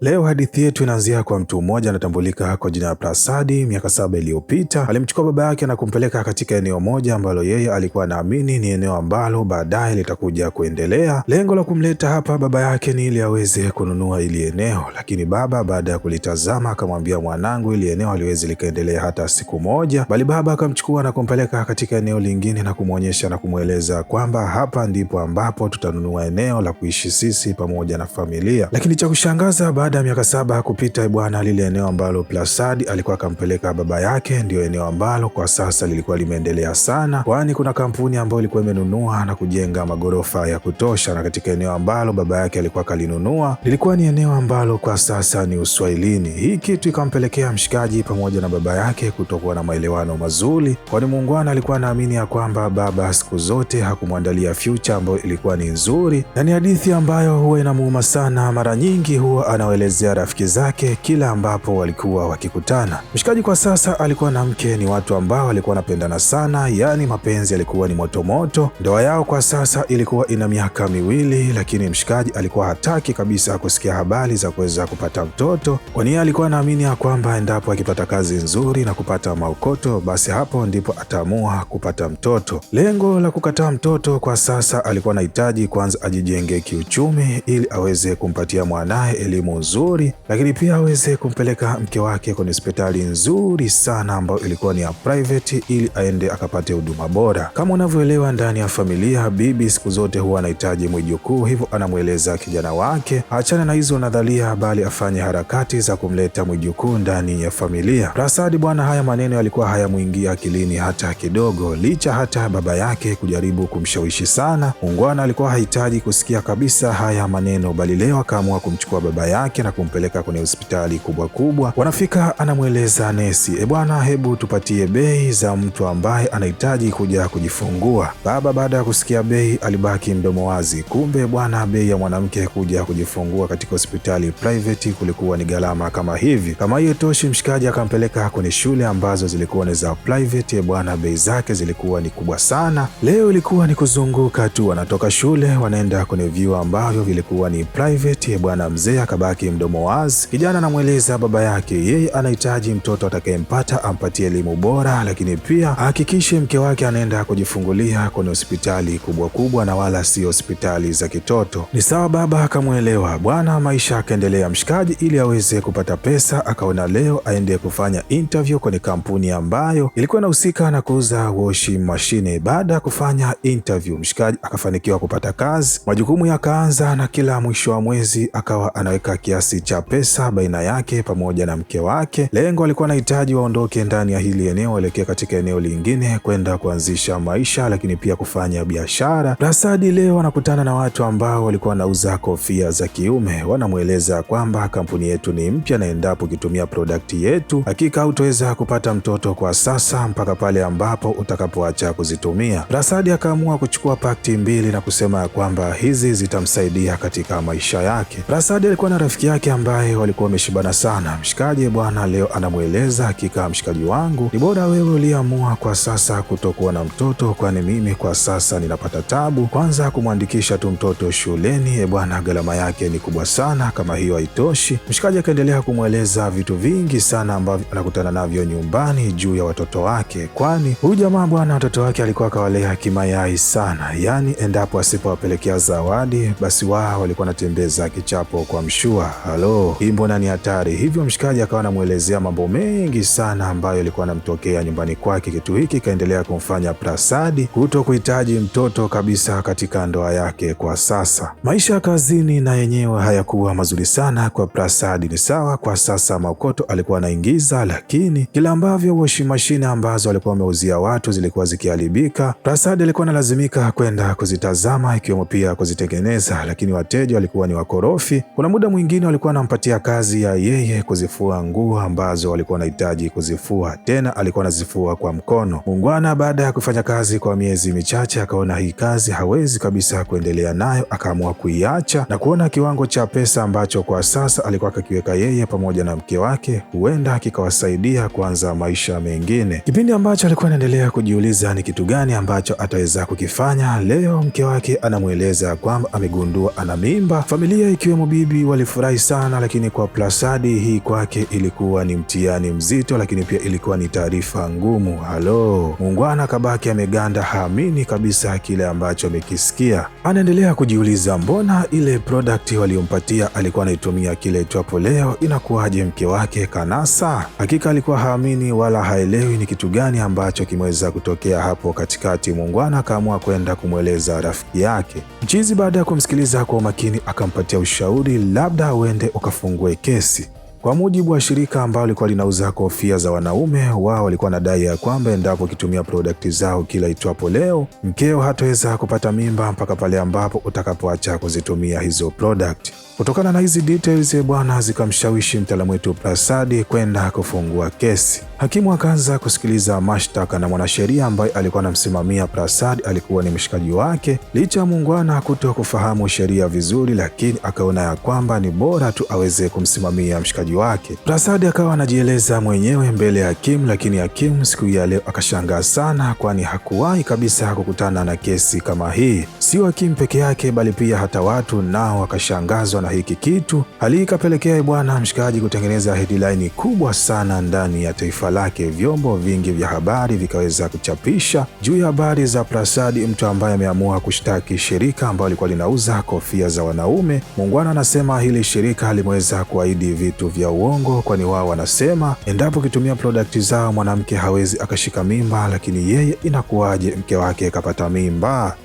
Leo hadithi yetu inaanzia kwa mtu mmoja anatambulika kwa jina la Prasadi. Miaka saba iliyopita alimchukua baba yake na kumpeleka katika eneo moja ambalo yeye alikuwa anaamini ni eneo ambalo baadaye litakuja kuendelea. Lengo la kumleta hapa baba yake ni ili aweze kununua ili eneo, lakini baba baada ya kulitazama akamwambia, mwanangu, ili eneo aliwezi likaendelea hata siku moja, bali baba akamchukua na kumpeleka katika eneo lingine na kumwonyesha na kumweleza kwamba hapa ndipo ambapo tutanunua eneo la kuishi sisi pamoja na familia. Lakini cha kushangaza baada ya miaka saba kupita bwana, lile eneo ambalo Plasad alikuwa akampeleka baba yake ndio eneo ambalo kwa sasa lilikuwa limeendelea sana, kwani kuna kampuni ambayo ilikuwa imenunua na kujenga magorofa ya kutosha, na katika eneo ambalo baba yake alikuwa akalinunua lilikuwa ni eneo ambalo kwa sasa ni uswahilini. Hii kitu ikampelekea mshikaji pamoja na baba yake kutokuwa na maelewano mazuri, kwani muungwana alikuwa anaamini ya kwamba baba siku zote hakumwandalia future ambayo ilikuwa ni nzuri, na ni hadithi ambayo huwa inamuuma sana, mara nyingi huwa ana kuwaelezea rafiki zake kila ambapo walikuwa wakikutana. Mshikaji kwa sasa alikuwa na mke, ni watu ambao walikuwa wanapendana sana, yaani mapenzi yalikuwa ni motomoto. Ndoa yao kwa sasa ilikuwa ina miaka miwili, lakini mshikaji alikuwa hataki kabisa kusikia habari za kuweza kupata mtoto, kwani alikuwa anaamini ya kwamba endapo akipata kazi nzuri na kupata maukoto, basi hapo ndipo ataamua kupata mtoto. Lengo la kukataa mtoto kwa sasa alikuwa anahitaji kwanza ajijenge kiuchumi, ili aweze kumpatia mwanaye elimu nzuri, lakini pia aweze kumpeleka mke wake kwenye hospitali nzuri sana ambayo ilikuwa ni ya private, ili aende akapate huduma bora. Kama unavyoelewa, ndani ya familia bibi siku zote huwa anahitaji mwijukuu, hivyo anamweleza kijana wake achane na hizo nadharia, bali afanye harakati za kumleta mwijukuu ndani ya familia. Prasad bwana, haya maneno yalikuwa hayamwingia akilini hata kidogo, licha hata baba yake kujaribu kumshawishi sana. Ungwana alikuwa hahitaji kusikia kabisa haya maneno, bali leo akaamua kumchukua baba yake yake na kumpeleka kwenye hospitali kubwa kubwa. Wanafika, anamweleza nesi, e bwana, hebu tupatie bei za mtu ambaye anahitaji kuja kujifungua. Baba baada ya kusikia bei alibaki mdomo wazi. Kumbe bwana, bei ya mwanamke kuja kujifungua katika hospitali private kulikuwa ni gharama kama hivi. Kama hiyo toshi, mshikaji akampeleka kwenye shule ambazo zilikuwa ni za private. E bwana, bei zake zilikuwa ni kubwa sana. Leo ilikuwa ni kuzunguka tu, wanatoka shule wanaenda kwenye vyuo ambavyo vilikuwa ni private. E bwana, mzee akabaki yake mdomo wazi. Kijana anamweleza baba yake yeye anahitaji mtoto atakayempata ampatie elimu bora, lakini pia ahakikishe mke wake anaenda kujifungulia kwenye hospitali kubwa kubwa na wala sio hospitali za kitoto. Ni sawa, baba akamwelewa. Bwana maisha akaendelea mshikaji, ili aweze kupata pesa, akaona leo aende kufanya interview kwenye kampuni ambayo ilikuwa inahusika na kuuza washing machine. Baada ya kufanya interview, mshikaji akafanikiwa kupata kazi, majukumu yakaanza, na kila mwisho wa mwezi akawa anaweka kia kiasi cha pesa baina yake pamoja na mke wake. Lengo alikuwa anahitaji waondoke ndani ya hili eneo waelekea katika eneo lingine kwenda kuanzisha maisha, lakini pia kufanya biashara. Prasadi leo anakutana na watu ambao walikuwa wanauza kofia za kiume, wanamweleza kwamba kampuni yetu ni mpya na endapo ukitumia prodakti yetu hakika hautaweza kupata mtoto kwa sasa mpaka pale ambapo utakapoacha kuzitumia. Prasadi akaamua kuchukua pakti mbili na kusema ya kwamba hizi zitamsaidia katika maisha yake. Prasadi alikuwa na rafiki rafiki yake ambaye walikuwa wameshibana sana. Mshikaji bwana leo anamweleza, hakika mshikaji wangu, ni bora wewe uliamua kwa sasa kutokuwa na mtoto, kwani mimi kwa sasa ninapata tabu kwanza kumwandikisha tu mtoto shuleni. E bwana, gharama yake ni kubwa sana, kama hiyo haitoshi. Mshikaji akaendelea kumweleza vitu vingi sana ambavyo anakutana navyo nyumbani juu ya watoto wake, kwani huyu jamaa bwana watoto wake alikuwa akawalea kimayai sana, yaani endapo asipowapelekea zawadi basi wao walikuwa wanatembeza kichapo kwa mshua halo, hii mbona ni hatari hivyo? Mshikaji akawa anamwelezea mambo mengi sana ambayo alikuwa anamtokea nyumbani kwake. Kitu hiki kaendelea kumfanya Prasadi kuto kuhitaji mtoto kabisa katika ndoa yake. Kwa sasa maisha ya kazini na yenyewe hayakuwa mazuri sana kwa Prasadi. Ni sawa kwa sasa maokoto alikuwa anaingiza, lakini kila ambavyo washi mashine ambazo alikuwa ameuzia watu zilikuwa zikiharibika, Prasadi alikuwa analazimika kwenda kuzitazama, ikiwemo pia kuzitengeneza, lakini wateja walikuwa ni wakorofi. Kuna muda mwingine wengine walikuwa anampatia kazi ya yeye kuzifua nguo ambazo walikuwa wanahitaji kuzifua, tena alikuwa anazifua kwa mkono. mungwana baada ya kufanya kazi kwa miezi michache akaona hii kazi hawezi kabisa kuendelea nayo, akaamua kuiacha na kuona kiwango cha pesa ambacho kwa sasa alikuwa akakiweka yeye pamoja na mke wake huenda kikawasaidia kuanza maisha mengine. Kipindi ambacho alikuwa anaendelea kujiuliza ni kitu gani ambacho ataweza kukifanya, leo mke wake anamweleza kwamba amegundua ana mimba. Familia ikiwemo bibi walifurahi Nimefurahi sana lakini kwa Plasadi hii kwake ilikuwa ni mtihani mzito, lakini pia ilikuwa ni taarifa ngumu. Halo, muungwana kabaki ameganda, haamini kabisa kile ambacho amekisikia. Anaendelea kujiuliza mbona ile product waliompatia alikuwa anaitumia kile twapo, leo, inakuwaje mke wake kanasa? Hakika alikuwa haamini wala haelewi ni kitu gani ambacho kimeweza kutokea hapo katikati. Muungwana akaamua kwenda kumweleza rafiki yake mchizi. Baada ya kumsikiliza kwa umakini, akampatia ushauri labda uende ukafungue kesi. Kwa mujibu wa shirika ambalo lilikuwa linauza kofia za wanaume, wao walikuwa na dai ya kwamba endapo ukitumia prodakti zao kila itwapo leo, mkeo hataweza kupata mimba mpaka pale ambapo utakapoacha kuzitumia hizo prodakti. Kutokana na hizi details eh, bwana, zikamshawishi mtaalamu wetu Prasadi kwenda kufungua kesi. Hakimu akaanza kusikiliza mashtaka na mwanasheria ambaye alikuwa anamsimamia Prasadi alikuwa ni mshikaji wake. Licha ya muungwana kuto kufahamu sheria vizuri, lakini akaona ya kwamba ni bora tu aweze kumsimamia mshikaji wake. Prasadi akawa anajieleza mwenyewe mbele ya hakimu, lakini hakimu siku ya leo akashangaa sana, kwani hakuwahi kabisa kukutana na kesi kama hii. Sio hakimu peke yake, bali pia hata watu nao wakashangazwa na hiki kitu. Hali ikapelekea bwana mshikaji kutengeneza headline kubwa sana ndani ya taifa lake, vyombo vingi vya habari vikaweza kuchapisha juu ya habari za prasadi mtu ambaye ameamua kushtaki shirika ambalo lilikuwa linauza kofia za wanaume. Muungwana anasema hili shirika limeweza kuahidi vitu vya uongo, kwani wao wanasema endapo ukitumia prodakti zao mwanamke hawezi akashika mimba, lakini yeye inakuwaje mke wake akapata mimba?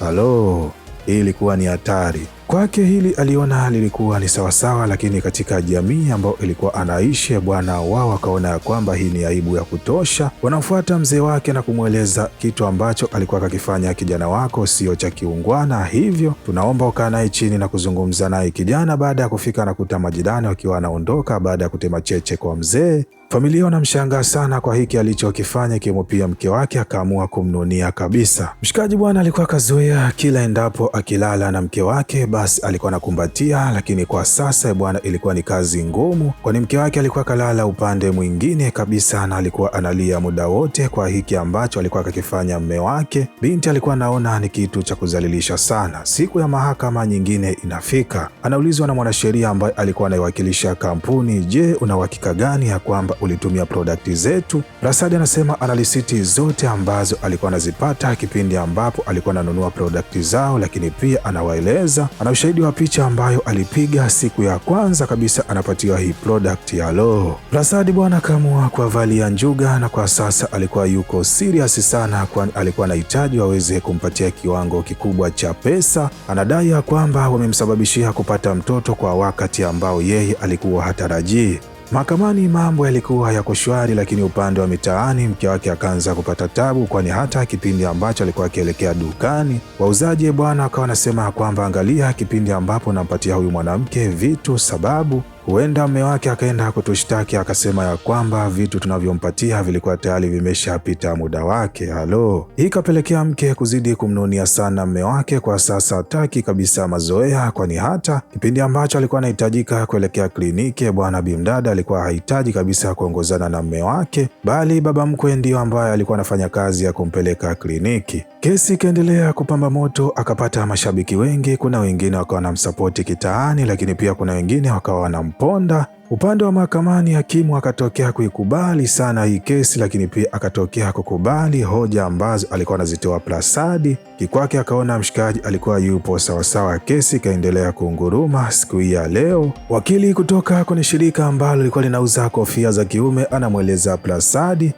Halo, hii ilikuwa ni hatari. Kwake hili aliona lilikuwa ni sawasawa, lakini katika jamii ambayo ilikuwa anaishi bwana wao akaona ya kwamba hii ni aibu ya kutosha. Wanamfuata mzee wake na kumweleza kitu ambacho alikuwa akakifanya kijana wako sio cha kiungwana, hivyo tunaomba ukaa naye chini na kuzungumza naye. Kijana baada ya kufika anakuta majirani wakiwa anaondoka baada ya kutema cheche kwa mzee. Familia wanamshangaa sana kwa hiki alichokifanya, ikiwemo pia mke wake akaamua kumnunia kabisa. Mshikaji bwana alikuwa akazoea kila endapo akilala na mke wake basi alikuwa anakumbatia, lakini kwa sasa bwana ilikuwa ni kazi ngumu, kwani mke wake alikuwa akalala upande mwingine kabisa na alikuwa analia muda wote kwa hiki ambacho alikuwa akakifanya mme wake. Binti alikuwa anaona ni kitu cha kuzalilisha sana. Siku ya mahakama nyingine inafika, anaulizwa na mwanasheria ambaye alikuwa anaiwakilisha kampuni, je, una uhakika gani ya kwamba ulitumia prodakti zetu. Rasadi anasema ana lisiti zote ambazo alikuwa anazipata kipindi ambapo alikuwa ananunua prodakti zao, lakini pia anawaeleza, ana ushahidi wa picha ambayo alipiga siku ya kwanza kabisa anapatiwa hii prodakti ya Lo. Rasadi bwana akaamua kuwavalia njuga, na kwa sasa alikuwa yuko siriasi sana, kwani alikuwa anahitaji waweze kumpatia kiwango kikubwa cha pesa. Anadai ya kwamba wamemsababishia kupata mtoto kwa wakati ambao yeye alikuwa hatarajii. Mahakamani mambo yalikuwa yako shwari, lakini upande wa mitaani mke wake akaanza kupata tabu, kwani hata kipindi ambacho alikuwa akielekea dukani wauzaji bwana akawa anasema kwamba angalia, kipindi ambapo nampatia huyu mwanamke vitu sababu Huenda mme wake akaenda kutushtaki akasema ya kwamba vitu tunavyompatia vilikuwa tayari vimeshapita muda wake. Halo, hii ikapelekea mke kuzidi kumnunia sana mme wake. Kwa sasa hataki kabisa mazoea, kwani hata kipindi ambacho alikuwa anahitajika kuelekea kliniki, bwana bimdada alikuwa hahitaji kabisa kuongozana na mme wake, bali baba mkwe ndiyo ambaye alikuwa anafanya kazi ya kumpeleka kliniki. Kesi ikaendelea kupamba moto, akapata mashabiki wengi. Kuna wengine wakawa wanamsapoti kitaani, lakini pia kuna wengine wakawa wanam Mponda. Upande wa mahakamani, hakimu akatokea kuikubali sana hii kesi, lakini pia akatokea kukubali hoja ambazo alikuwa anazitoa Prasadi. Kikwake akaona mshikaji alikuwa yupo sawasawa. Kesi ikaendelea kunguruma. Siku hii ya leo, wakili kutoka kwenye shirika ambalo lilikuwa linauza kofia za kiume anamweleza Prasadi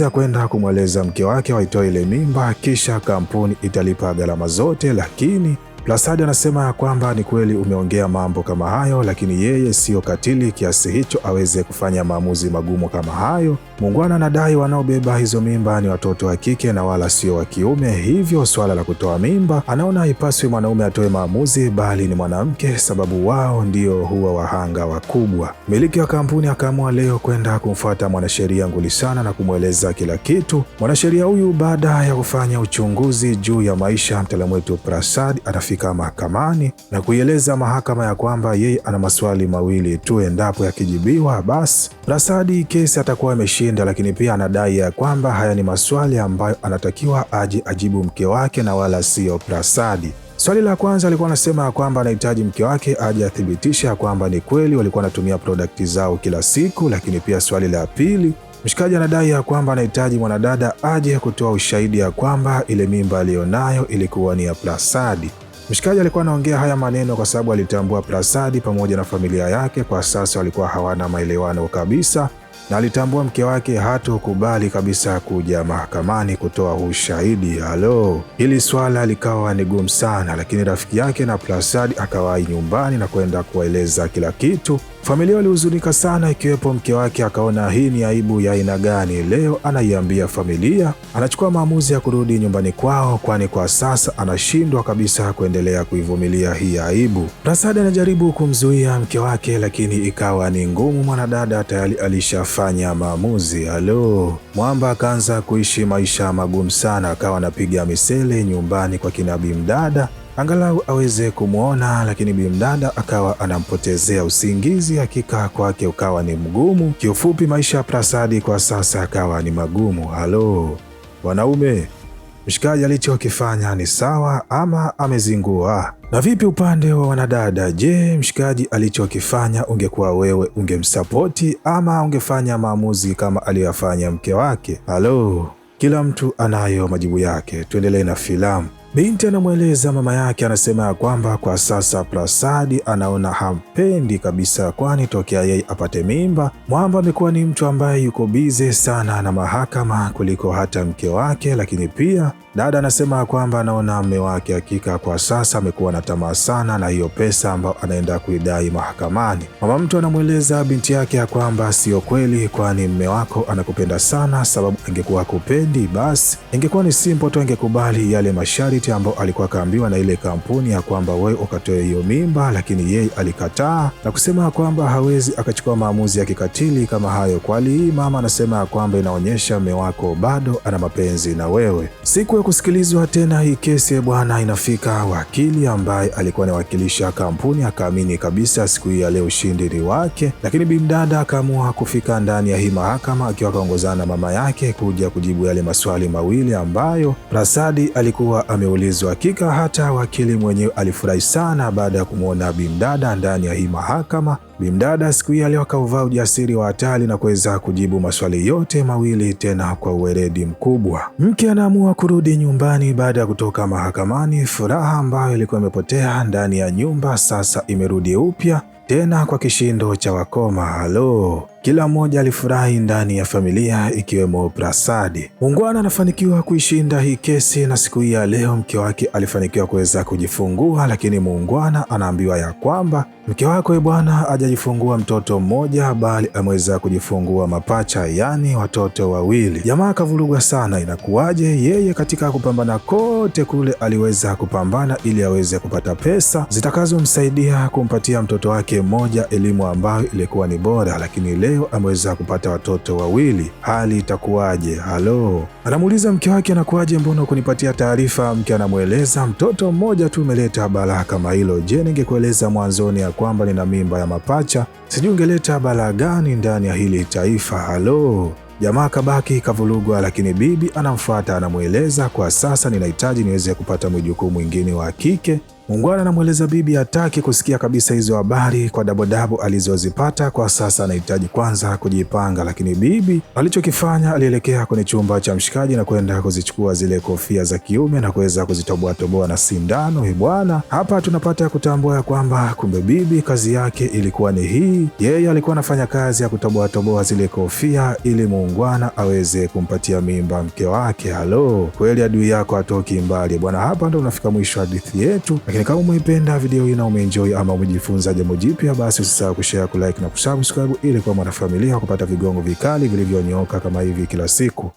ya kwenda kumweleza mke wake waitoa ile mimba, kisha kampuni italipa gharama zote, lakini Plasadi anasema kwamba ni kweli umeongea mambo kama hayo, lakini yeye siyo katili kiasi hicho aweze kufanya maamuzi magumu kama hayo. mungwana anadai wanaobeba hizo mimba ni watoto wa kike na wala sio wa kiume, hivyo swala la kutoa mimba anaona haipaswi mwanaume atoe maamuzi, bali ni mwanamke, sababu wao ndio huwa wahanga wakubwa. miliki wa kampuni akaamua leo kwenda kumfuata mwanasheria Ngulisana na kumweleza kila kitu. Mwanasheria huyu baada ya kufanya uchunguzi juu ya maisha mtaalamu wetu Prasad anafika kufika mahakamani na kuieleza mahakama ya kwamba yeye ana maswali mawili tu, endapo yakijibiwa, basi Rasadi kesi atakuwa ameshinda, lakini pia anadai ya kwamba haya ni maswali ambayo anatakiwa aje ajibu mke wake na wala sio Rasadi. Swali la kwanza alikuwa anasema ya kwamba anahitaji mke wake aje athibitishe ya kwamba ni kweli walikuwa anatumia prodakti zao kila siku, lakini pia swali la pili mshikaji anadai ya kwamba anahitaji mwanadada aje kutoa ushahidi ya kwamba ile mimba aliyonayo ilikuwa ni ya Prasadi. Mshikaji alikuwa anaongea haya maneno kwa sababu alitambua Prasadi pamoja na familia yake kwa sasa walikuwa hawana maelewano kabisa, na alitambua mke wake hatokubali kabisa kuja mahakamani kutoa ushahidi. Halo, hili swala likawa ni gumu sana, lakini rafiki yake na Prasadi akawahi nyumbani na kwenda kuwaeleza kila kitu Familia walihuzunika sana, ikiwepo mke wake. Akaona hii ni aibu ya aina gani, leo anaiambia familia. Anachukua maamuzi ya kurudi nyumbani kwao, kwani kwa sasa anashindwa kabisa kuendelea kuivumilia hii aibu. Prasad anajaribu kumzuia mke wake, lakini ikawa ni ngumu. Mwanadada tayari alishafanya maamuzi. Halo Mwamba akaanza kuishi maisha magumu sana, akawa anapiga misele nyumbani kwa kinabii mdada angalau aweze kumwona, lakini bimdada akawa anampotezea usingizi. Hakika kwake ukawa ni mgumu. Kiufupi, maisha ya Prasadi kwa sasa akawa ni magumu. Halo wanaume, mshikaji alichokifanya ni sawa ama amezingua? Na vipi upande wa wanadada? Je, mshikaji alichokifanya ungekuwa wewe, ungemsapoti ama ungefanya maamuzi kama aliyoyafanya mke wake? Halo, kila mtu anayo majibu yake. Tuendelee na filamu. Binti anamweleza mama yake, anasema ya kwamba kwa sasa Prasadi anaona hampendi kabisa, kwani tokea yeye apate mimba Mwamba amekuwa ni mtu ambaye yuko bize sana na mahakama kuliko hata mke wake. Lakini pia dada anasema ya kwamba anaona mme wake hakika kwa sasa amekuwa na tamaa sana na hiyo pesa ambayo anaenda kuidai mahakamani. Mama mtu anamweleza binti yake ya kwamba siyo kweli, kwani mme wako anakupenda sana, sababu angekuwa kupendi basi ingekuwa ni simple tu angekubali yale masharti binti ambao alikuwa akaambiwa na ile kampuni ya kwamba wewe ukatoe hiyo mimba, lakini yeye alikataa na kusema kwamba hawezi akachukua maamuzi ya kikatili kama hayo, kwani mama anasema ya kwamba inaonyesha mume wako bado ana mapenzi na wewe. Siku ya kusikilizwa tena hii kesi bwana, inafika wakili ambaye alikuwa anawakilisha kampuni akaamini kabisa siku hii ya leo ushindi ni wake, lakini bimdada akaamua kufika ndani ya hii mahakama akiwa akaongozana na mama yake kuja kujibu yale maswali mawili ambayo Prasadi alikuwa ame ulinzi wa hakika. Hata wakili mwenyewe alifurahi sana baada ya kumwona bimdada ndani ya hii mahakama. Bimdada siku hii leo akauvaa ujasiri wa hatari na kuweza kujibu maswali yote mawili tena kwa uweredi mkubwa. Mke anaamua kurudi nyumbani baada ya kutoka mahakamani. Furaha ambayo ilikuwa imepotea ndani ya nyumba sasa imerudi upya tena kwa kishindo cha wakoma. Halo kila mmoja alifurahi ndani ya familia ikiwemo Prasadi. Muungwana anafanikiwa kuishinda hii kesi, na siku hii ya leo mke wake alifanikiwa kuweza kujifungua, lakini muungwana anaambiwa ya kwamba mke wako bwana hajajifungua mtoto mmoja, bali ameweza kujifungua mapacha, yaani watoto wawili. Jamaa akavurugwa sana, inakuwaje? Yeye katika kupambana kote kule aliweza kupambana ili aweze kupata pesa zitakazomsaidia kumpatia mtoto wake mmoja elimu ambayo ilikuwa ni bora, lakini leo leo ameweza kupata watoto wawili, hali itakuwaje? Halo, anamuuliza mke wake, anakuwaje, mbona kunipatia taarifa? Mke anamweleza mtoto mmoja tu umeleta balaa kama hilo. Je, ningekueleza mwanzoni ya kwamba nina mimba ya mapacha, sijui ungeleta balaa gani ndani ya hili taifa? Halo. Jamaa kabaki kavurugwa, lakini bibi anamfuata anamweleza, kwa sasa ninahitaji niweze kupata mjukuu mwingine wa kike Muungwana anamweleza bibi hataki kusikia kabisa hizo habari kwa dabodabo alizozipata kwa sasa, anahitaji kwanza kujipanga. Lakini bibi alichokifanya, alielekea kwenye chumba cha mshikaji na kwenda kuzichukua zile kofia za kiume na kuweza kuzitoboatoboa na sindano. He bwana, hapa tunapata ya kutambua ya kwamba kumbe bibi kazi yake ilikuwa ni hii. Yeye alikuwa anafanya kazi ya kutoboatoboa zile kofia ili muungwana aweze kumpatia mimba mke wake. Halo, kweli adui yako atoki mbali bwana. Hapa ndo unafika mwisho hadithi yetu. Lakini kama umeipenda video hii na umeenjoy ama umejifunza jambo jipya, basi usisahau kushare, kulike na kusubscribe ili kuwa mwanafamilia kupata vigongo vikali vilivyonyoka kama hivi kila siku.